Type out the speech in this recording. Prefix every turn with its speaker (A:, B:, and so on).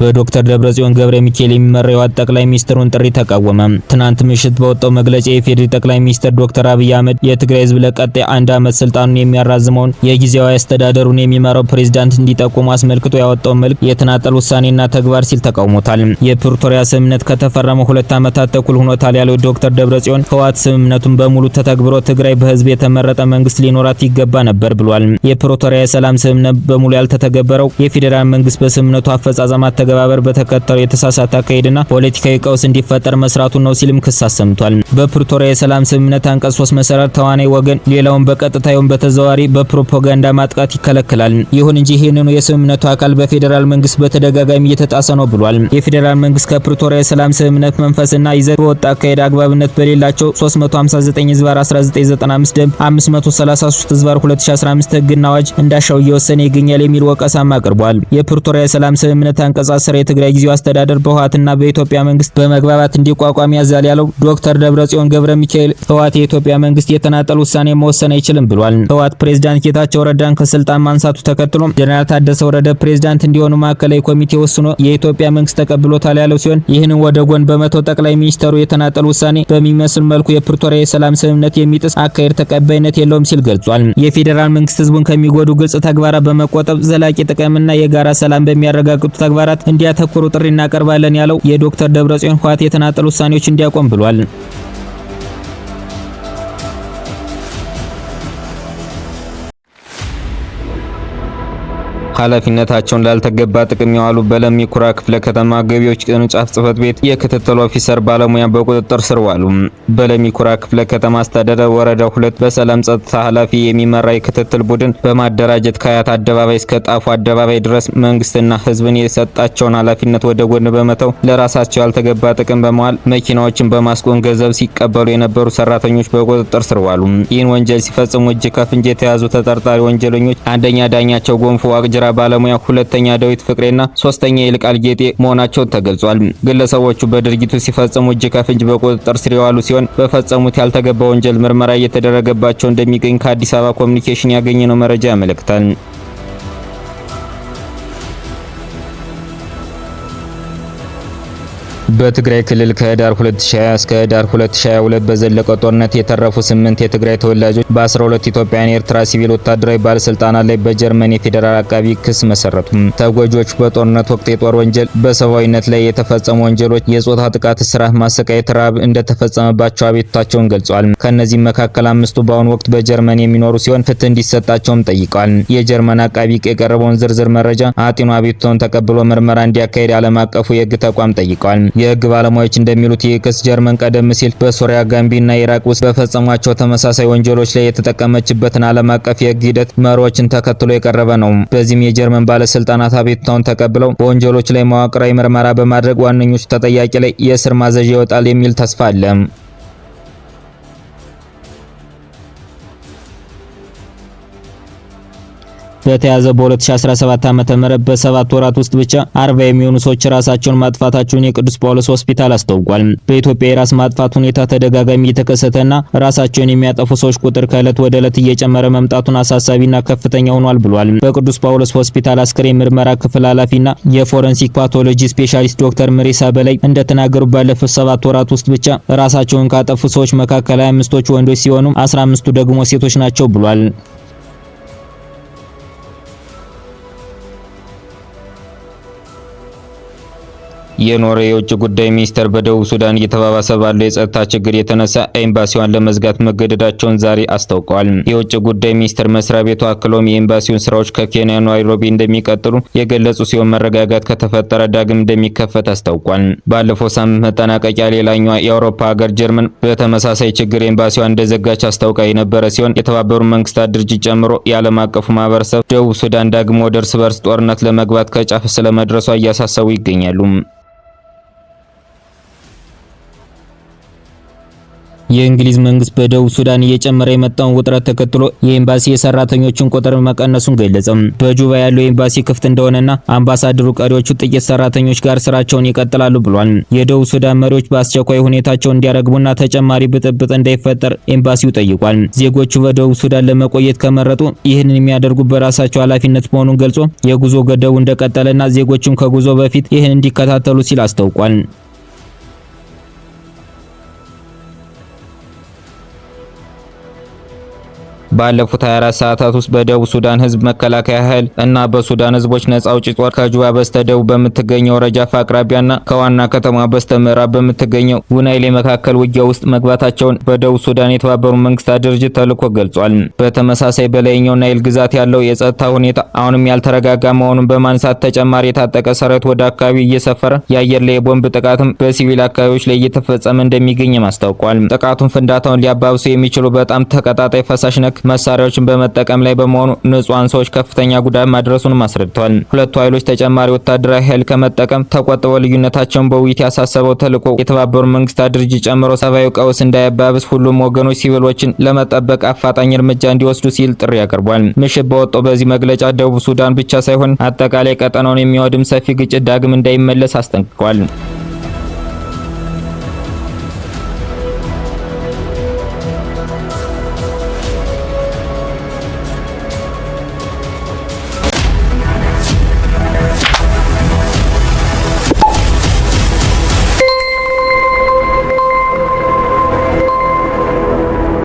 A: በዶክተር ደብረጽዮን ገብረ ሚካኤል የሚመራው ጠቅላይ ሚኒስትሩን ጥሪ ተቃወመ። ትናንት ምሽት በወጣው መግለጫ የኢፌዴሪ ጠቅላይ ሚኒስትር ዶክተር አብይ አህመድ የትግራይ ህዝብ ለቀጣይ አንድ ዓመት ስልጣኑን የሚያራዝመውን የጊዜያዊ አስተዳደሩን የሚመራው ፕሬዝዳንት እንዲጠቁሙ አስመልክቶ ያወጣው መልክ የተናጠል ውሳኔና ተግባር ሲል ተቃውሞታል። የፕሪቶሪያ ስምምነት ከተፈረመ ሁለት ዓመታት ተኩል ሆኖታል ያለው ዶክተር ደብረጽዮን ህወሓት ስምምነቱን በሙሉ ተተግብሮ ትግራይ በህዝብ የተመረጠ መንግስት ሊኖራት ይገባ ነበር ብሏል። የፕሪቶሪያ የሰላም ስምምነት በሙሉ ያልተተገበረው የፌዴራል መንግስት በስምምነቱ አፈጻጸም አተገባበር በተከተለው የተሳሳተ አካሄድና ፖለቲካዊ ቀውስ እንዲፈጠር መስራቱን ነው ሲልም ክስ አሰምቷል። በፕሪቶሪያ የሰላም ስምምነት አንቀጽ 3 መሰረት ተዋናይ ወገን ሌላውን በቀጥታ ይሁን በተዘዋዋሪ በፕሮፓጋንዳ ማጥቃት ይከለክላል። ይሁን እንጂ ይህንኑ የስምምነቱ አካል በፌዴራል መንግስት በተደጋጋሚ እየተጣሰ ነው ብሏል። የፌዴራል መንግስት ከፕሪቶሪያ የሰላም ስምምነት መንፈስና ይዘት በወጣ አካሄድ አግባብነት በሌላቸው 359 ዝባር 1995 ደንብ 533 ዝባር 2015 ህግና አዋጅ እንዳሻው እየወሰነ ይገኛል የሚል ወቀሳም አቅርቧል። የፕሪቶሪያ የሰላም ስምምነት አንቀጽ 2010 የትግራይ ጊዜያዊ አስተዳደር በህወሓትና በኢትዮጵያ መንግስት በመግባባት እንዲቋቋም ያዛል ያለው ዶክተር ደብረጽዮን ገብረ ሚካኤል ህወሓት የኢትዮጵያ መንግስት የተናጠል ውሳኔ መወሰን አይችልም ብሏል። ህወሓት ፕሬዝዳንት ጌታቸው ረዳን ከስልጣን ማንሳቱ ተከትሎ ጀነራል ታደሰ ወረደ ፕሬዝዳንት እንዲሆኑ ማዕከላዊ ኮሚቴ ወስኖ የኢትዮጵያ መንግስት ተቀብሎታል ያለው ሲሆን ይህንን ወደ ጎን በመተው ጠቅላይ ሚኒስተሩ የተናጠል ውሳኔ በሚመስል መልኩ የፕሪቶሪያ የሰላም ስምምነት የሚጥስ አካሄድ ተቀባይነት የለውም ሲል ገልጿል። የፌዴራል መንግስት ህዝቡን ከሚጎዱ ግልጽ ተግባራት በመቆጠብ ዘላቂ ጥቅምና የጋራ ሰላም በሚያረጋግጡ ተግባራት እንዲያተኩሩ ጥሪ እናቀርባለን ያለው የዶክተር ደብረጽዮን ህወሓት የተናጠል ውሳኔዎች እንዲያቆም ብሏል። ኃላፊነታቸውን ላልተገባ ጥቅም የዋሉ በለሚ ኩራ ክፍለ ከተማ ገቢዎች ቅርንጫፍ ጽህፈት ቤት የክትትል ኦፊሰር ባለሙያ በቁጥጥር ስር ዋሉ። በለሚ ኩራ ክፍለ ከተማ አስተዳደር ወረዳ ሁለት በሰላም ጸጥታ ኃላፊ የሚመራ የክትትል ቡድን በማደራጀት ከአያት አደባባይ እስከ ጣፉ አደባባይ ድረስ መንግስትና ህዝብን የሰጣቸውን ኃላፊነት ወደ ጎን በመተው ለራሳቸው ያልተገባ ጥቅም በመዋል መኪናዎችን በማስቆም ገንዘብ ሲቀበሉ የነበሩ ሰራተኞች በቁጥጥር ስር ዋሉ። ይህን ወንጀል ሲፈጽሙ እጅ ከፍንጅ የተያዙ ተጠርጣሪ ወንጀለኞች አንደኛ ዳኛቸው ጎንፎ ዋቅጅራ ባለሙያ፣ ሁለተኛ ዳዊት ፍቅሬና ሶስተኛ ይልቃል ጌጤ መሆናቸውን ተገልጿል። ግለሰቦቹ በድርጊቱ ሲፈጽሙ እጅ ከፍንጅ በቁጥጥር ስር የዋሉ ሲሆን በፈጸሙት ያልተገባ ወንጀል ምርመራ እየተደረገባቸው እንደሚገኝ ከአዲስ አበባ ኮሚኒኬሽን ያገኘነው መረጃ ያመለክታል። በትግራይ ክልል ከህዳር 2020 እስከ ህዳር 2022 በዘለቀ ጦርነት የተረፉ ስምንት የትግራይ ተወላጆች በ12 ኢትዮጵያውያን የኤርትራ ሲቪል ወታደራዊ ባለስልጣናት ላይ በጀርመን የፌዴራል አቃቢ ክስ መሰረቱ። ተጎጂዎቹ በጦርነት ወቅት የጦር ወንጀል፣ በሰብአዊነት ላይ የተፈጸሙ ወንጀሎች፣ የጾታ ጥቃት፣ ስራት፣ ማሰቃየት፣ ረሃብ እንደተፈጸመባቸው አቤቱታቸውን ገልጿል። ከእነዚህም መካከል አምስቱ በአሁኑ ወቅት በጀርመን የሚኖሩ ሲሆን ፍትህ እንዲሰጣቸውም ጠይቋል። የጀርመን አቃቢ የቀረበውን ዝርዝር መረጃ አጢኖ አቤቱታውን ተቀብሎ ምርመራ እንዲያካሄድ ዓለም አቀፉ የህግ ተቋም ጠይቀዋል። የህግ ባለሙያዎች እንደሚሉት ይህ ክስ ጀርመን ቀደም ሲል በሶሪያ ጋምቢና ኢራቅ ውስጥ በፈጸሟቸው ተመሳሳይ ወንጀሎች ላይ የተጠቀመችበትን ዓለም አቀፍ የህግ ሂደት መሪዎችን ተከትሎ የቀረበ ነው። በዚህም የጀርመን ባለስልጣናት አቤቱታውን ተቀብለው በወንጀሎች ላይ መዋቅራዊ ምርመራ በማድረግ ዋነኞቹ ተጠያቂ ላይ የእስር ማዘዣ ይወጣል የሚል ተስፋ አለ። በተያዘ በ2017 ዓ.ም በሰባት ወራት ውስጥ ብቻ አርባ የሚሆኑ ሰዎች ራሳቸውን ማጥፋታቸውን የቅዱስ ጳውሎስ ሆስፒታል አስታውቋል። በኢትዮጵያ የራስ ማጥፋት ሁኔታ ተደጋጋሚ እየተከሰተና ራሳቸውን የሚያጠፉ ሰዎች ቁጥር ከእለት ወደ እለት እየጨመረ መምጣቱን አሳሳቢና ከፍተኛ ሆኗል ብሏል። በቅዱስ ጳውሎስ ሆስፒታል አስክሬን ምርመራ ክፍል ኃላፊና የፎረንሲክ ፓቶሎጂ ስፔሻሊስት ዶክተር ምሬሳ በላይ እንደተናገሩ ባለፉት ሰባት ወራት ውስጥ ብቻ ራሳቸውን ካጠፉ ሰዎች መካከል 25 ወንዶች ሲሆኑ 15ቱ ደግሞ ሴቶች ናቸው ብሏል። የኖረ የውጭ ጉዳይ ሚኒስቴር በደቡብ ሱዳን እየተባባሰ ባለው የጸጥታ ችግር የተነሳ ኤምባሲዋን ለመዝጋት መገደዳቸውን ዛሬ አስታውቀዋል። የውጭ ጉዳይ ሚኒስቴር መስሪያ ቤቱ አክሎም የኤምባሲውን ስራዎች ከኬንያ ናይሮቢ እንደሚቀጥሉ የገለጹ ሲሆን መረጋጋት ከተፈጠረ ዳግም እንደሚከፈት አስታውቋል። ባለፈው ሳምንት መጠናቀቂያ ሌላኛዋ የአውሮፓ ሀገር ጀርመን በተመሳሳይ ችግር ኤምባሲዋን እንደዘጋች አስታውቃ የነበረ ሲሆን የተባበሩት መንግስታት ድርጅት ጨምሮ የዓለም አቀፉ ማህበረሰብ ደቡብ ሱዳን ዳግም ወደ እርስ በርስ ጦርነት ለመግባት ከጫፍ ስለመድረሷ እያሳሰቡ ይገኛሉ። የእንግሊዝ መንግስት በደቡብ ሱዳን እየጨመረ የመጣውን ውጥረት ተከትሎ የኤምባሲ የሰራተኞችን ቁጥር መቀነሱን ገለጸ። በጁባ ያለው ኤምባሲ ክፍት እንደሆነና አምባሳደሩ ቀሪዎቹ ጥቂት ሰራተኞች ጋር ስራቸውን ይቀጥላሉ ብሏል። የደቡብ ሱዳን መሪዎች በአስቸኳይ ሁኔታቸውን እንዲያረግቡና ተጨማሪ ብጥብጥ እንዳይፈጠር ኤምባሲው ጠይቋል። ዜጎቹ በደቡብ ሱዳን ለመቆየት ከመረጡ ይህንን የሚያደርጉ በራሳቸው ኃላፊነት መሆኑን ገልጾ የጉዞ ገደቡ እንደቀጠለና ዜጎቹም ከጉዞ በፊት ይህን እንዲከታተሉ ሲል አስታውቋል። ባለፉት 24 ሰዓታት ውስጥ በደቡብ ሱዳን ህዝብ መከላከያ ኃይል እና በሱዳን ህዝቦች ነጻ አውጪ ጦር ከጁባ በስተደቡብ በምትገኘው ረጃፍ አቅራቢያና ከዋና ከተማ በስተምዕራብ በምትገኘው ጉናይሌ መካከል ውጊያ ውስጥ መግባታቸውን በደቡብ ሱዳን የተባበሩት መንግስታት ድርጅት ተልዕኮ ገልጿል። በተመሳሳይ በላይኛው ናይል ግዛት ያለው የጸጥታ ሁኔታ አሁንም ያልተረጋጋ መሆኑን በማንሳት ተጨማሪ የታጠቀ ሰራዊት ወደ አካባቢው እየሰፈረ የአየር ላይ የቦምብ ጥቃትም በሲቪል አካባቢዎች ላይ እየተፈጸመ እንደሚገኝም አስታውቋል። ጥቃቱን ፍንዳታውን ሊያባብሱ የሚችሉ በጣም ተቀጣጣይ ፈሳሽ ነክ መሳሪያዎችን በመጠቀም ላይ በመሆኑ ንጹሃን ሰዎች ከፍተኛ ጉዳት ማድረሱንም አስረድተዋል። ሁለቱ ኃይሎች ተጨማሪ ወታደራዊ ኃይል ከመጠቀም ተቆጥበው ልዩነታቸውን በውይይት ያሳሰበው ተልዕኮ የተባበሩት መንግስታት ድርጅት ጨምሮ ሰብአዊ ቀውስ እንዳያባብስ ሁሉም ወገኖች ሲቪሎችን ለመጠበቅ አፋጣኝ እርምጃ እንዲወስዱ ሲል ጥሪ ያቀርቧል። ምሽት በወጣው በዚህ መግለጫ ደቡብ ሱዳን ብቻ ሳይሆን አጠቃላይ ቀጠናውን የሚያወድም ሰፊ ግጭት ዳግም እንዳይመለስ አስጠንቅቋል።